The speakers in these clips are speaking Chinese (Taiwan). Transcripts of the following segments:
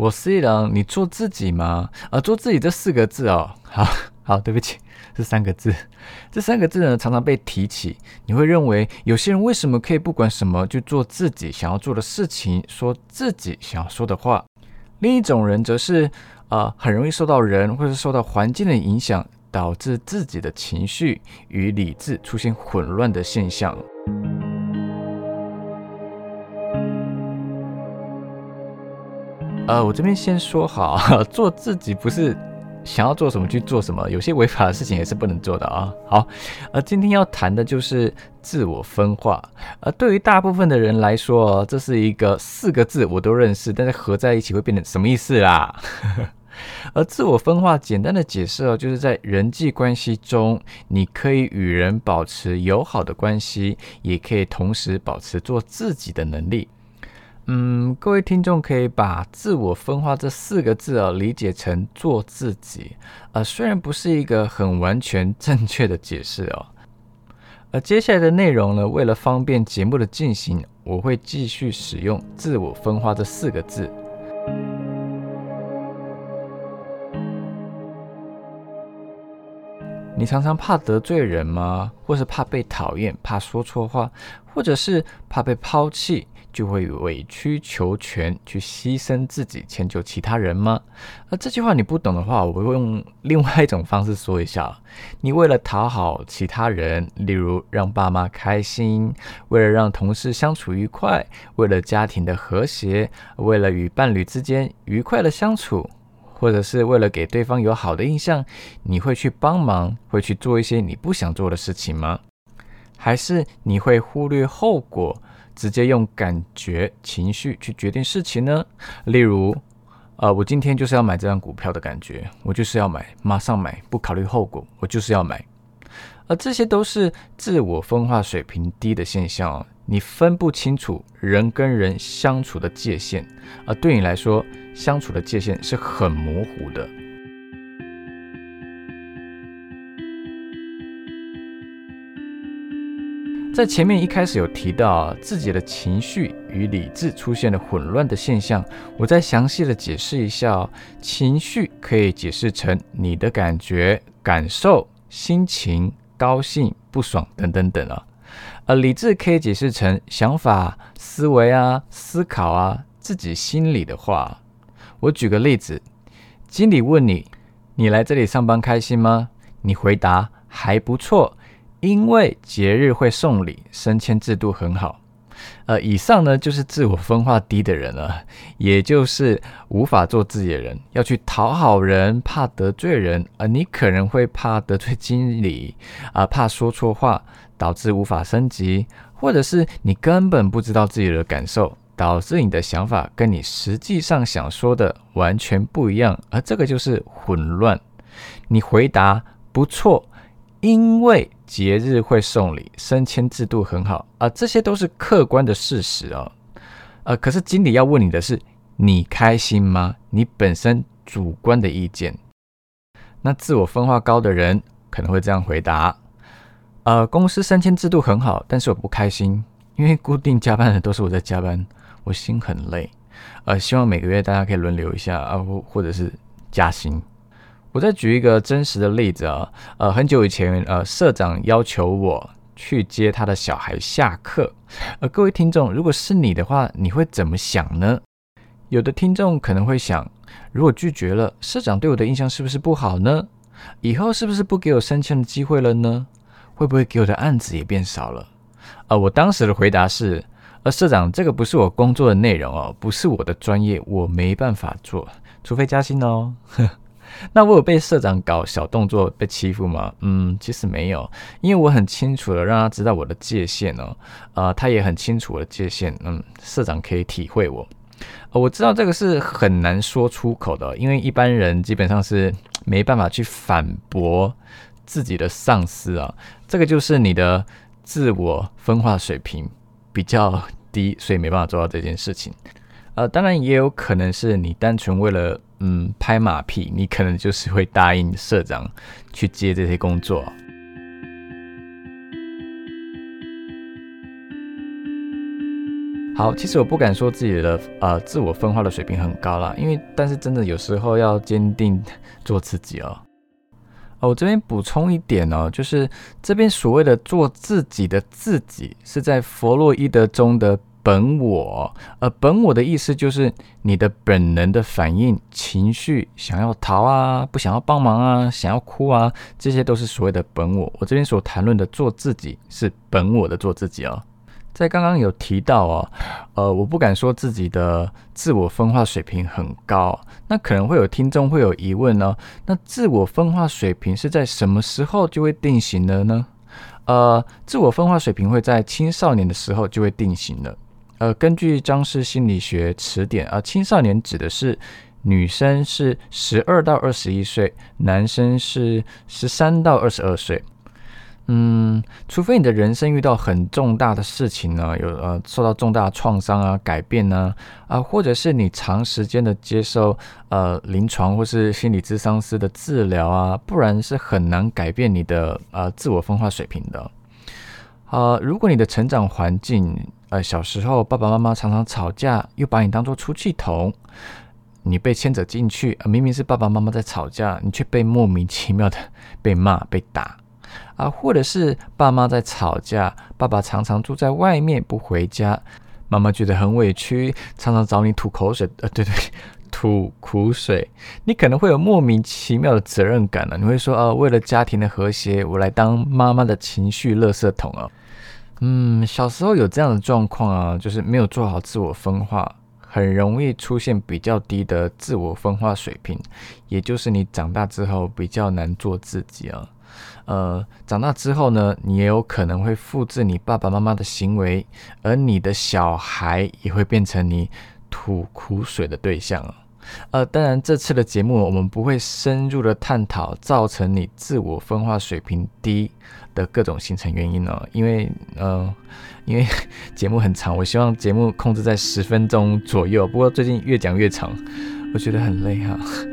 我是一郎，你做自己嗎？啊，做自己這四個字哦，好好，對不起，這三個字。這三個字呢，常常被提起。你會認為有些人為什麼可以不管什麼就做自己想要做的事情，說自己想要說的話？另一種人則是啊、呃，很容易受到人或者受到環境的影響，導致自己的情緒與理智出現混亂的現象。呃，我這邊先說好，做自己不是想要做什麼去做什麼，有些違法的事情也是不能做的啊。好，呃，今天要談的就是自我分化。呃，對於大部分的人來說，這是一個四個字我都認識，但是合在一起會變成什麼意思啦？而， 呃，自我分化簡單的解釋哦，就是在人際關係中，你可以與人保持友好的關係，也可以同時保持做自己的能力。嗯，各位聽眾可以把“自我分化”這四個字啊理解成做自己，呃，雖然不是一個很完全正確的解釋哦。而接下來的內容呢，為了方便節目的進行，我會繼續使用“自我分化”這四個字。你常常怕得罪人嗎？或是怕被討厭、怕說錯話，或者是怕被拋棄，就會委曲求全，去犧牲自己，遷就其他人嗎？而這句話你不懂的話，我會用另外一種方式說一下。你為了討好其他人，例如讓爸媽開心，為了讓同事相處愉快，為了家庭的和諧，為了與伴侶之間愉快的相處。或者是為了給對方有好的印象，你會去幫忙，會去做一些你不想做的事情嗎？還是你會忽略後果，直接用感覺、情緒去決定事情呢？例如，呃，我今天就是要買這張股票的感覺，我就是要買，馬上買，不考慮後果，我就是要買。而這些都是自我分化水平低的現象。你分不清楚人跟人相處的界限，而、啊、對你來說，相處的界限是很模糊的。在前面一開始有提到、啊、自己的情緒與理智出現了混亂的現象，我再詳細的解釋一下、哦，情緒可以解釋成你的感覺、感受、心情、高興、不爽等等等啊。呃，理智可以解釋成想法、思維啊、思考啊，自己心裡的話。我舉個例子，經理問你：“你來這裡上班開心嗎？”你回答：“還不錯，因為節日會送禮，升遷制度很好。”呃，以上呢就是自我分化低的人了，也就是無法做自己的人，要去討好人，怕得罪人。呃，你可能會怕得罪經理啊，呃，怕說錯話。導致無法升級，或者是你根本不知道自己的感受，導致你的想法跟你實際上想說的完全不一樣，而這個就是混亂。你回答不錯，因為節日會送禮，升遷制度很好啊，呃，這些都是客觀的事實哦。呃，可是經理要問你的是，你開心嗎？你本身主觀的意見。那自我分化高的人可能會這樣回答。呃，公司升遷制度很好，但是我不開心，因為固定加班的都是我在加班，我心很累。呃，希望每個月大家可以輪流一下啊，或、呃、或者是加薪。我再舉一個真實的例子啊、哦，呃，很久以前，呃，社長要求我去接他的小孩下課。呃，各位聽眾，如果是你的話，你會怎麼想呢？有的聽眾可能會想，如果拒絕了，社長對我的印象是不是不好呢？以後是不是不給我升遷的機會了呢？會不會給我的案子也變少了？啊、呃，我當時的回答是，呃，社長，這個不是我工作的內容哦，不是我的專業，我沒辦法做，除非加薪哦。 那我有被社長搞小動作、被欺負嗎？嗯，其實沒有，因為我很清楚的讓他知道我的界限哦。呃，他也很清楚我的界限。嗯，社長可以體會我。呃，我知道這個是很難說出口的，因為一般人基本上是沒辦法去反駁。自己的上司啊，這個就是你的自我分化水平比較低，所以沒辦法做到這件事情。呃，當然也有可能是你單純為了嗯拍馬屁，你可能就是會答應社長去接這些工作啊。好，其實我不敢說自己的呃自我分化的水平很高啦，因為但是真的有時候要堅定做自己哦。哦，啊、我這邊補充一點哦，就是這邊所謂的做自己的自己，是在弗洛伊德中的本我。呃，本我的意思就是你的本能的反應、情緒，想要逃啊，不想要幫忙啊，想要哭啊，這些都是所謂的本我。我這邊所談論的做自己，是本我的做自己哦。在剛剛有提到哦，呃，我不敢說自己的自我分化水平很高，那可能會有聽眾會有疑問呢、哦。那自我分化水平是在什麼時候就會定型的呢？呃，自我分化水平會在青少年的時候就會定型的。呃，根據《張氏心理學詞典》啊、呃，青少年指的是女生是十二到二十一歲，男生是十三到二十二歲。嗯，除非你的人生遇到很重大的事情呢，有呃受到重大創傷啊、改變呢、啊，啊、呃，或者是你長時間的接受呃臨床或是心理諮商師的治療啊，不然是很難改變你的呃自我分化水平的。啊、呃，如果你的成長環境，呃，小時候爸爸媽媽常常吵架，又把你當作出氣筒，你被牽扯進去、呃，明明是爸爸媽媽在吵架，你卻被莫名其妙的被罵被打。啊，或者是爸媽在吵架，爸爸常常住在外面不回家，媽媽覺得很委屈，常常找你吐口水。呃、啊，對對，吐苦水。你可能會有莫名其妙的責任感了、啊，你會說啊，為了家庭的和諧，我來當媽媽的情緒垃圾桶啊。嗯，小時候有這樣的狀況啊，就是沒有做好自我分化，很容易出現比較低的自我分化水平，也就是你長大之後比較難做自己啊。呃，長大之後呢，你也有可能會複製你爸爸媽媽的行為，而你的小孩也會變成你吐苦水的對象。呃，當然，這次的節目我們不會深入的探討造成你自我分化水平低的各種形成原因哦，因為呃，因為節目很長，我希望節目控制在十分鐘左右。不過最近越講越長，我覺得很累哈、啊。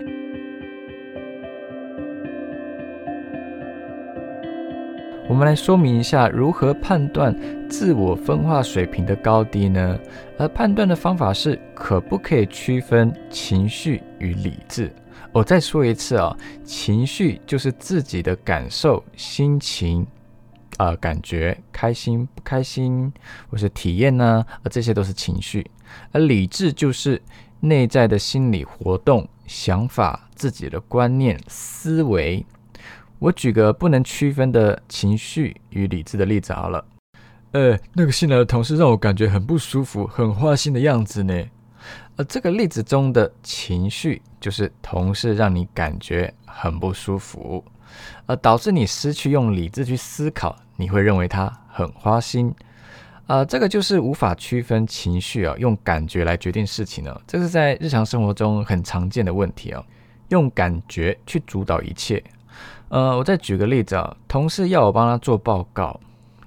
我們來說明一下如何判斷自我分化水平的高低呢？而判斷的方法是可不可以區分情緒與理智。我，哦，再說一次啊，哦，情緒就是自己的感受、心情、啊、呃、感覺、開心不開心，或是體驗呢、啊，啊這些都是情緒。而理智就是內在的心理活動、想法、自己的觀念、思維。我舉個不能區分的情緒與理智的例子好了，呃，那個新來的同事讓我感覺很不舒服，很花心的樣子呢。呃，這個例子中的情緒就是同事讓你感覺很不舒服，呃，導致你失去用理智去思考，你會認為他很花心。啊，呃，這個就是無法區分情緒啊，用感覺來決定事情呢。這是在日常生活中很常見的問題啊，用感覺去主導一切。呃，我再舉個例子啊，同事要我幫他做報告，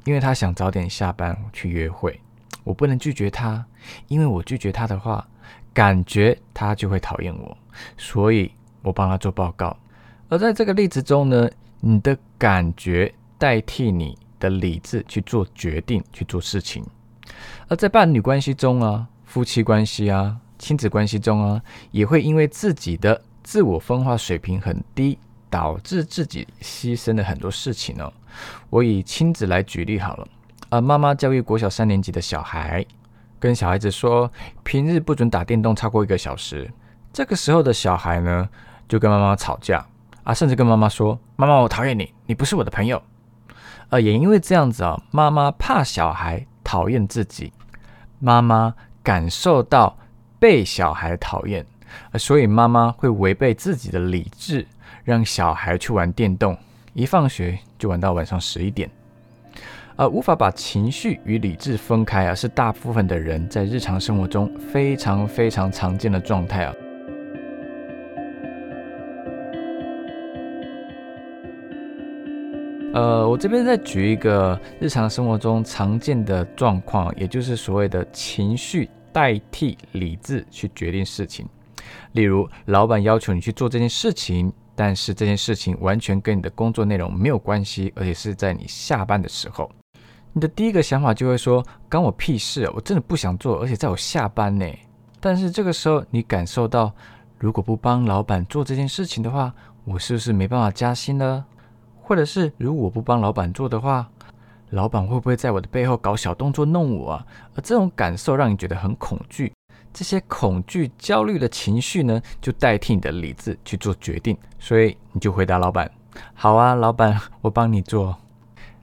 因為他想早點下班去約會，我不能拒絕他，因為我拒絕他的話，感覺他就會討厭我，所以我幫他做報告。而在這個例子中呢，你的感覺代替你的理智去做決定，去做事情。而在伴侶關係中啊，夫妻關係啊，親子關係中啊，也會因為自己的自我分化水平很低。導致自己犧牲了很多事情哦。我以親子來舉例好了。啊，呃，媽媽教育國小三年級的小孩，跟小孩子說平日不准打電動超過一個小時。這個時候的小孩呢，就跟媽媽吵架啊，甚至跟媽媽說：“媽媽，我討厭你，你不是我的朋友。”呃，啊，也因為這樣子啊哦，媽媽怕小孩討厭自己，媽媽感受到被小孩討厭，呃，所以媽媽會違背自己的理智。讓小孩去玩電動，一放學就玩到晚上十一點，而、呃、無法把情緒與理智分開啊，是大部分的人在日常生活中非常非常常見的狀態啊。呃，我這邊再舉一個日常生活中常見的狀況，也就是所謂的情緒代替理智去決定事情，例如老闆要求你去做這件事情。但是這件事情完全跟你的工作內容沒有關係，而且是在你下班的時候，你的第一個想法就會說，關我屁事啊，我真的不想做，而且在我下班呢。但是這個時候你感受到，如果不幫老闆做這件事情的話，我是不是沒辦法加薪呢？或者是如果我不幫老闆做的話，老闆會不會在我的背後搞小動作弄我啊？而這種感受讓你覺得很恐懼。這些恐懼、焦慮的情緒呢，就代替你的理智去做決定，所以你就回答老板：“好啊，老板，我幫你做。”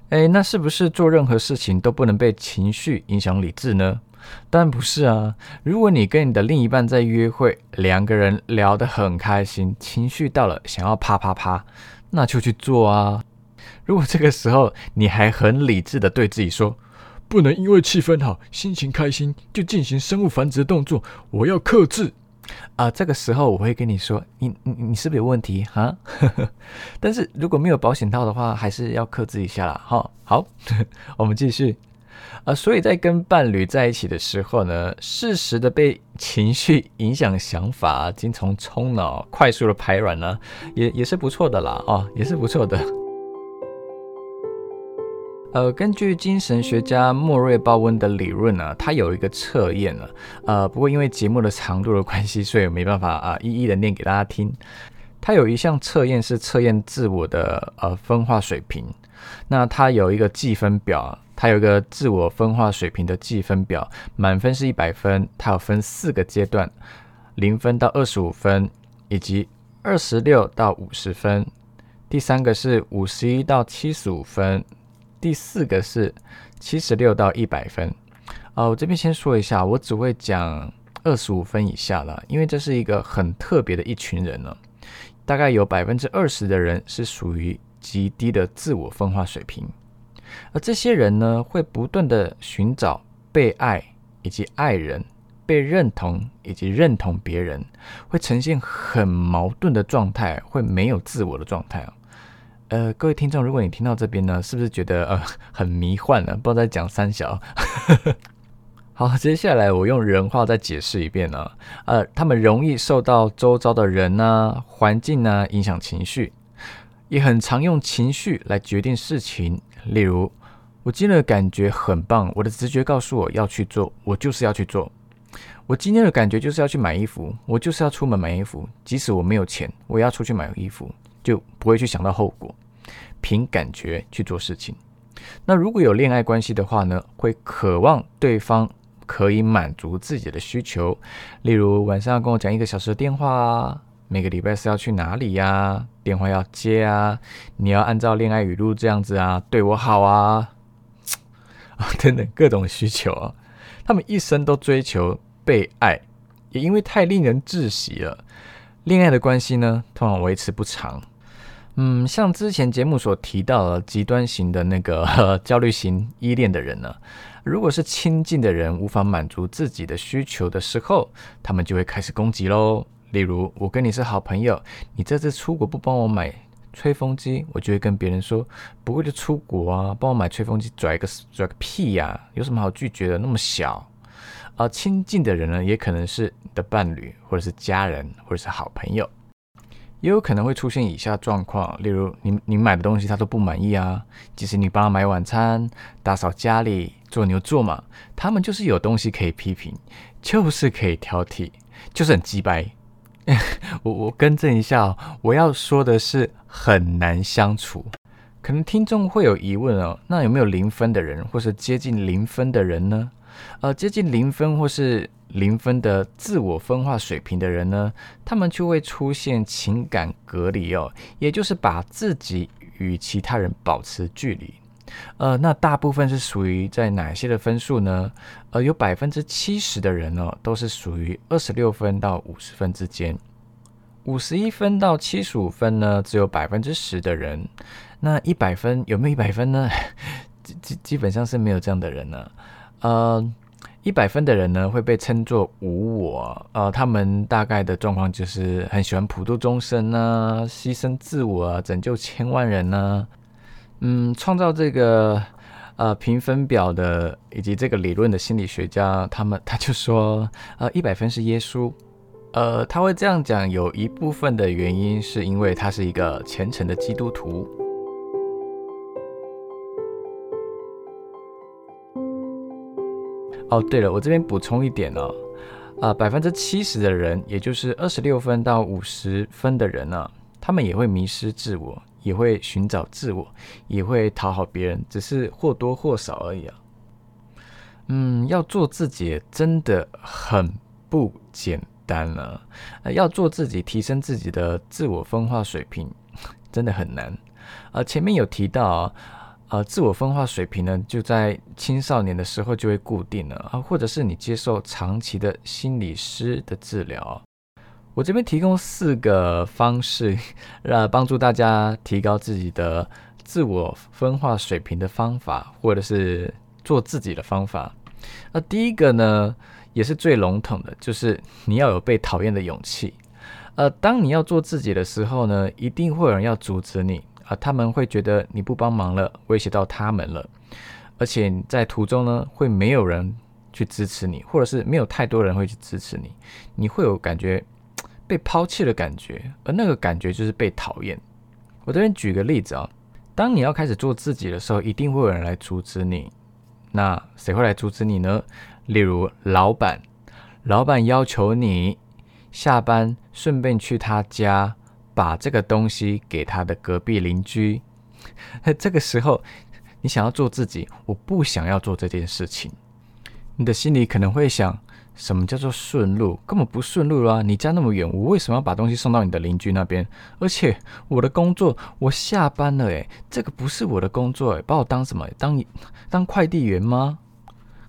哎，那是不是做任何事情都不能被情緒影響理智呢？當然不是啊！如果你跟你的另一半在約會，兩個人聊得很開心，情緒到了想要啪啪啪，那就去做啊！如果這個時候你還很理智的對自己說，不能因為氣氛好、心情開心就進行生物繁殖的動作，我要克制啊、呃！這個時候我會跟你說，你你你是不是有問題呵，哈 但是如果沒有保險套的話，還是要克制一下啦。哈。好， 我們繼續啊、呃。所以在跟伴侶在一起的時候呢，適時的被情緒影響想法，精蟲衝腦快速的排卵呢，也也是不錯的啦啊、哦，也是不錯的。呃，根據精神學家莫瑞鮑溫的理論呢，啊，他有一個測驗啊，呃，不過因為節目的長度的關係，所以沒辦法啊，一一的念給大家聽。他有一項測驗是測驗自我的呃分化水平。那他有一個記分表，他有一個自我分化水平的記分表，滿分是一百分。他有分四個階段：零分到二十五分，以及二十六到五十分；第三個是五十一到七十五分。第四個是七十六到一百分，啊，我這邊先說一下，我只會講二十五分以下了，因為這是一個很特別的一群人了，大概有百分之二十的人是屬於極低的自我分化水平，而這些人呢，會不斷的尋找被愛以及愛人，被認同以及認同別人，會呈現很矛盾的狀態，會沒有自我的狀態啊。呃，各位聽眾，如果你聽到這邊呢，是不是覺得呃很迷幻呢、啊？不知道在講三小呵呵。好，接下來我用人話再解釋一遍呢、啊。呃，他們容易受到周遭的人呢、啊、環境呢、啊、影響情緒，也很常用情緒來決定事情。例如，我今天的感覺很棒，我的直覺告訴我要去做，我就是要去做。我今天的感覺就是要去買衣服，我就是要出門買衣服，即使我沒有錢，我也要出去買衣服。就不會去想到後果，憑感覺去做事情。那如果有戀愛關係的話呢，會渴望對方可以滿足自己的需求，例如晚上要跟我講一個小時的電話啊，每個禮拜四要去哪裡呀、啊，電話要接啊，你要按照戀愛語錄這樣子啊，對我好啊，啊等等各種需求。啊。他們一生都追求被愛，也因為太令人窒息了，戀愛的關係呢，通常維持不長。嗯，像之前節目所提到的極端型的那個、呃、焦慮型依戀的人呢，如果是親近的人無法滿足自己的需求的時候，他們就會開始攻擊嘍。例如，我跟你是好朋友，你這次出國不幫我買吹風機，我就會跟別人說，不會就出國啊，幫我買吹風機，拽個拽個屁呀、啊，有什麼好拒絕的，那麼小！而、呃、親近的人呢，也可能是你的伴侶，或者是家人，或者是好朋友。也有可能會出現以下狀況，例如你你買的東西他都不滿意啊，即使你幫他買晚餐、打掃家裡、做牛做馬，他們就是有東西可以批評，就是可以挑剔，就是很雞掰。 我我更正一下哦，我要說的是很難相處。可能聽眾會有疑問哦，那有沒有零分的人，或是接近零分的人呢？呃，接近零分或是零分的自我分化水平的人呢，他們就會出現情感隔離哦，也就是把自己與其他人保持距離。呃，那大部分是屬於在哪些的分數呢？呃，有百分之七十的人呢哦，都是屬於二十六分到五十分之間，五十一分到七十五分呢，只有百分之十的人。那一百分，有沒有一百分呢？基基基本上是沒有這樣的人呢啊。呃，一百分的人呢會被稱作無我。呃，他們大概的狀況就是很喜歡普度眾生啊，犧牲自我啊，拯救千萬人啊。嗯，創造這個呃評分表的以及這個理論的心理學家，他們他就說，呃，一百分是耶穌。呃，他會這樣講，有一部分的原因是因為他是一個虔誠的基督徒。哦，對了，我這邊補充一點哦，啊、呃，百分之七十的人，也就是二十六分到五十分的人呢、啊，他們也會迷失自我，也會尋找自我，也會討好別人，只是或多或少而已啊。嗯，要做自己真的很不簡單啊，要做自己，提升自己的自我分化水平，真的很難。啊、呃，前面有提到、哦。啊、呃，自我分化水平呢，就在青少年的時候就會固定了啊，或者是你接受長期的心理師的治療。我這邊提供四個方式，呃，幫助大家提高自己的自我分化水平的方法，或者是做自己的方法。那、呃、第一個呢，也是最籠統的，就是你要有被討厭的勇氣。呃，當你要做自己的時候呢，一定會有人要阻止你。啊，他們會覺得你不幫忙了，威脅到他們了，而且在途中呢，會沒有人去支持你，或者是沒有太多人會去支持你，你會有感覺被拋棄的感覺，而那個感覺就是被討厭。我這邊舉個例子啊、哦，當你要開始做自己的時候，一定會有人來阻止你。那誰會來阻止你呢？例如老闆，老闆要求你下班順便去他家。把這個東西給他的隔壁鄰居，這個時候你想要做自己，我不想要做這件事情。你的心裡可能會想，什麼叫做順路？根本不順路啊，你家那麼遠，我為什麼要把東西送到你的鄰居那邊？而且我的工作，我下班了欸，誒，這個不是我的工作欸，把我當什麼？當當快遞員嗎？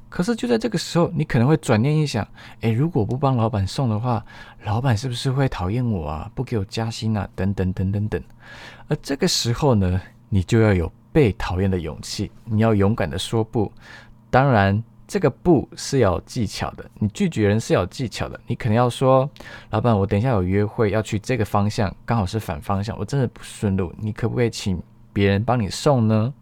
可是就在這個時候，你可能會轉念一想，哎，如果不幫老板送的話，老板是不是會討厭我啊？不給我加薪啊？等等等等等。而這個時候呢，你就要有被討厭的勇氣，你要勇敢的說不。當然，這個不是要有技巧的，你拒絕人是要有技巧的。你可能要說，老板，我等一下有約會要去這個方向，剛好是反方向，我真的不順路，你可不可以請別人幫你送呢？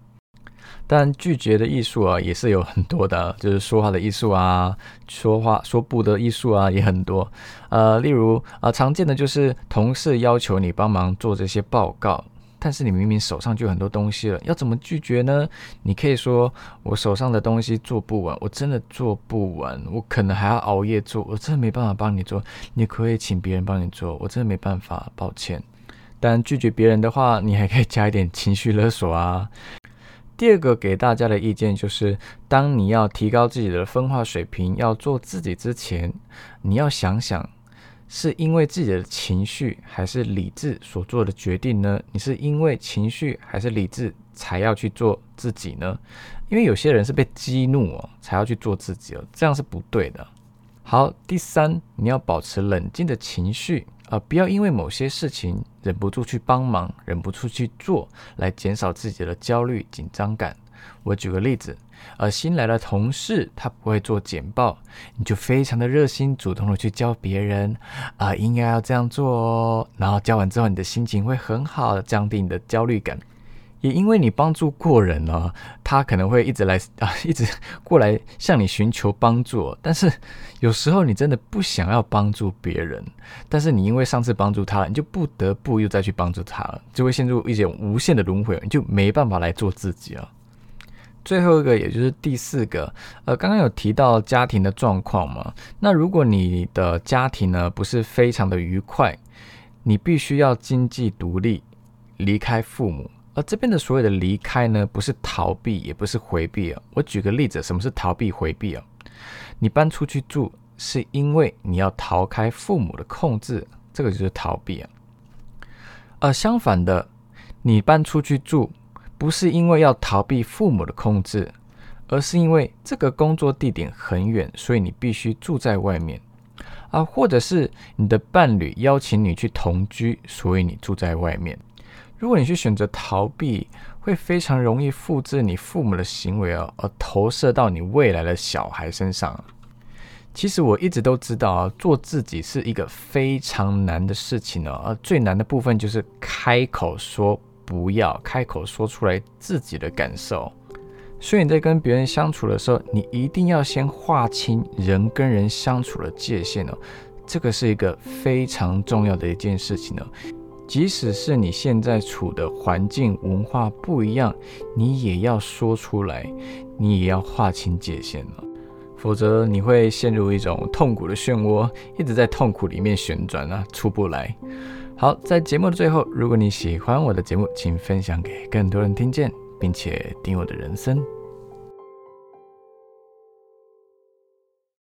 但拒絕的藝術啊，也是有很多的，就是說話的藝術啊，說話說不的藝術啊，也很多。呃，例如啊，呃，常見的就是同事要求你幫忙做這些報告，但是你明明手上就有很多東西了，要怎麼拒絕呢？你可以說，我手上的東西做不完，我真的做不完，我可能還要熬夜做，我真的沒辦法幫你做，你可，可以請別人幫你做，我真的沒辦法，抱歉。但拒絕別人的話，你還可以加一點情緒勒索啊。第二個給大家的意見就是，當你要提高自己的分化水平，要做自己之前，你要想想，是因為自己的情緒還是理智所做的決定呢？你是因為情緒還是理智才要去做自己呢？因為有些人是被激怒哦，才要去做自己哦。這樣是不對的。好，第三，你要保持冷靜的情緒。呃，不要因為某些事情忍不住去幫忙，忍不住去做，來減少自己的焦慮緊張感。我舉個例子，呃，新來的同事他不會做簡報，你就非常的熱心主動的去教別人，啊、呃，應該要這樣做哦。然後教完之後，你的心情會很好，降低你的焦慮感。也因為你幫助過人了，啊，他可能會一直來啊，一直過來向你尋求幫助，啊。但是有時候你真的不想要幫助別人，但是你因為上次幫助他了，你就不得不又再去幫助他了，就會陷入一種無限的輪迴，你就沒辦法來做自己了，啊。最後一個也就是第四個，呃，剛剛有提到家庭的狀況嘛，那如果你的家庭呢，不是非常的愉快，你必須要經濟獨立，離開父母。而這邊的所有的離開呢，不是逃避，也不是迴避啊。我舉個例子，什麼是逃避、迴避啊？你搬出去住，是因為你要逃開父母的控制，這個就是逃避啊。而、呃、相反的，你搬出去住，不是因為要逃避父母的控制，而是因為這個工作地點很遠，所以你必須住在外面啊、呃，或者是你的伴侶邀請你去同居，所以你住在外面。如果你去選擇逃避，會非常容易複製你父母的行為哦，而投射到你未來的小孩身上。其實我一直都知道啊，做自己是一個非常難的事情哦，而最難的部分就是開口說不要，開口說出來自己的感受。所以你在跟別人相處的時候，你一定要先劃清人跟人相處的界限哦，這個是一個非常重要的一件事情呢。即使是你現在處的環境文化不一樣，你也要說出來，你也要劃清界限了，否則你會陷入一種痛苦的漩渦，一直在痛苦裡面旋轉啊，出不來。好，在節目的最後，如果你喜歡我的節目，請分享給更多人聽見，並且訂閱我的人生。